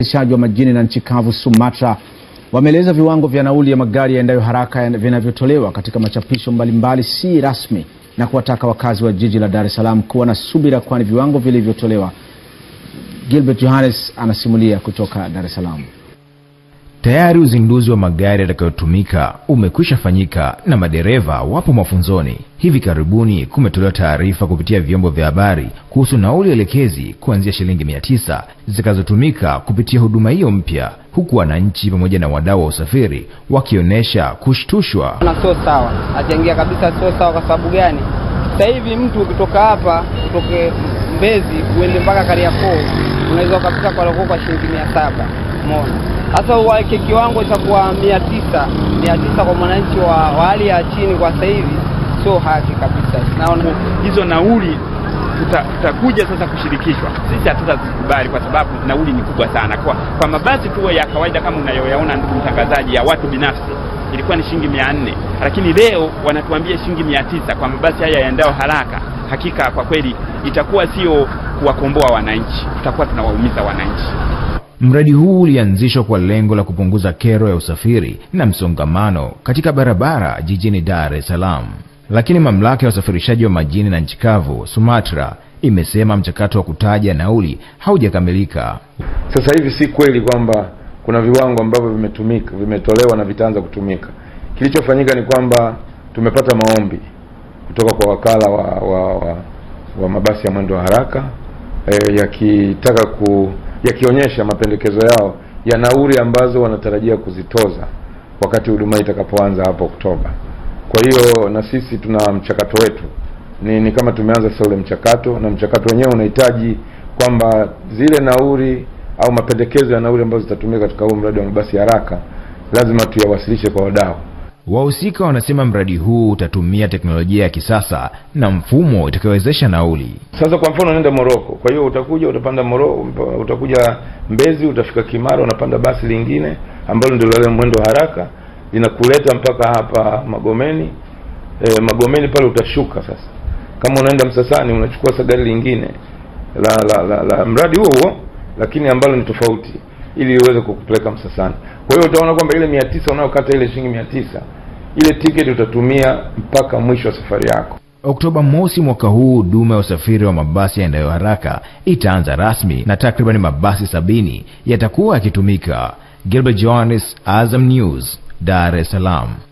Wasafirishaji wa majini na nchi kavu SUMATRA wameeleza viwango vya nauli ya magari yaendayo haraka vinavyotolewa katika machapisho mbalimbali si rasmi na kuwataka wakazi wa jiji la Dar es Salaam kuwa na subira kwani viwango vilivyotolewa. Gilbert Johannes anasimulia kutoka Dar es Salaam. Tayari uzinduzi wa magari yatakayotumika umekwisha fanyika na madereva wapo mafunzoni Hivi karibuni kumetolewa taarifa kupitia vyombo vya habari kuhusu nauli elekezi kuanzia shilingi mia tisa zitakazotumika kupitia huduma hiyo mpya, huku wananchi pamoja na wadau wa usafiri wakionyesha kushtushwa. Na sio sawa, ajaingia kabisa, sio sawa. Kwa sababu gani? Sasa hivi mtu ukitoka hapa utoke Mbezi uende mpaka Kariakoo unaweza ukafika kwa loko kwa shilingi mia saba mona sasa uweke kiwango cha kuwa mia tisa mia tisa kwa mwananchi wa hali ya chini kwa sasa hivi sio haki kabisa. Naona hizo nauli tutakuja sasa kushirikishwa. Sisi hatutazikubali kwa sababu nauli ni kubwa sana. Kwa, kwa mabasi tu ya kawaida kama unayoyaona ndugu mtangazaji, ya watu binafsi ilikuwa ni shilingi mia nne lakini leo wanatuambia shilingi mia tisa kwa mabasi haya yaendao haraka. Hakika kwa kweli itakuwa sio kuwakomboa wananchi, tutakuwa tunawaumiza wananchi. Mradi huu ulianzishwa kwa lengo la kupunguza kero ya usafiri na msongamano katika barabara jijini Dar es Salaam. Lakini mamlaka ya usafirishaji wa majini na nchi kavu SUMATRA imesema mchakato wa kutaja nauli haujakamilika. Sasa hivi si kweli kwamba kuna viwango ambavyo vimetumika vimetolewa na vitaanza kutumika. Kilichofanyika ni kwamba tumepata maombi kutoka kwa wakala wa, wa, wa, wa mabasi ya mwendo wa haraka e, yakitaka ku yakionyesha mapendekezo yao ya nauli ambazo wanatarajia kuzitoza wakati huduma itakapoanza hapo Oktoba. Kwa hiyo na sisi tuna mchakato wetu, ni, ni kama tumeanza sasa ule mchakato, na mchakato wenyewe unahitaji kwamba zile nauri au mapendekezo ya nauri ambazo zitatumika katika huu mradi wa mabasi haraka lazima tuyawasilishe kwa wadau. Wahusika wanasema mradi huu utatumia teknolojia ya kisasa na mfumo utakayowezesha nauli. Sasa kwa mfano, unaenda Moroko, kwa hiyo utakuja utapanda Moroko, utakuja Mbezi, utafika Kimara, unapanda basi lingine ambalo ndilo lale mwendo haraka, inakuleta mpaka hapa Magomeni. E, Magomeni pale utashuka sasa, kama unaenda Msasani unachukua sasa gari lingine la la, la, la mradi huo huo lakini ambalo ni tofauti ili iweze kukupeleka Msasani. Kwa hiyo utaona kwamba ile mia tisa unayokata ile shilingi mia tisa ile tiketi utatumia mpaka mwisho wa safari yako. Oktoba mosi mwaka huu, huduma ya usafiri wa mabasi yaendayo haraka itaanza rasmi na takribani mabasi sabini yatakuwa yakitumika. Gilbert Johannes, Azam News. Dar es Salaam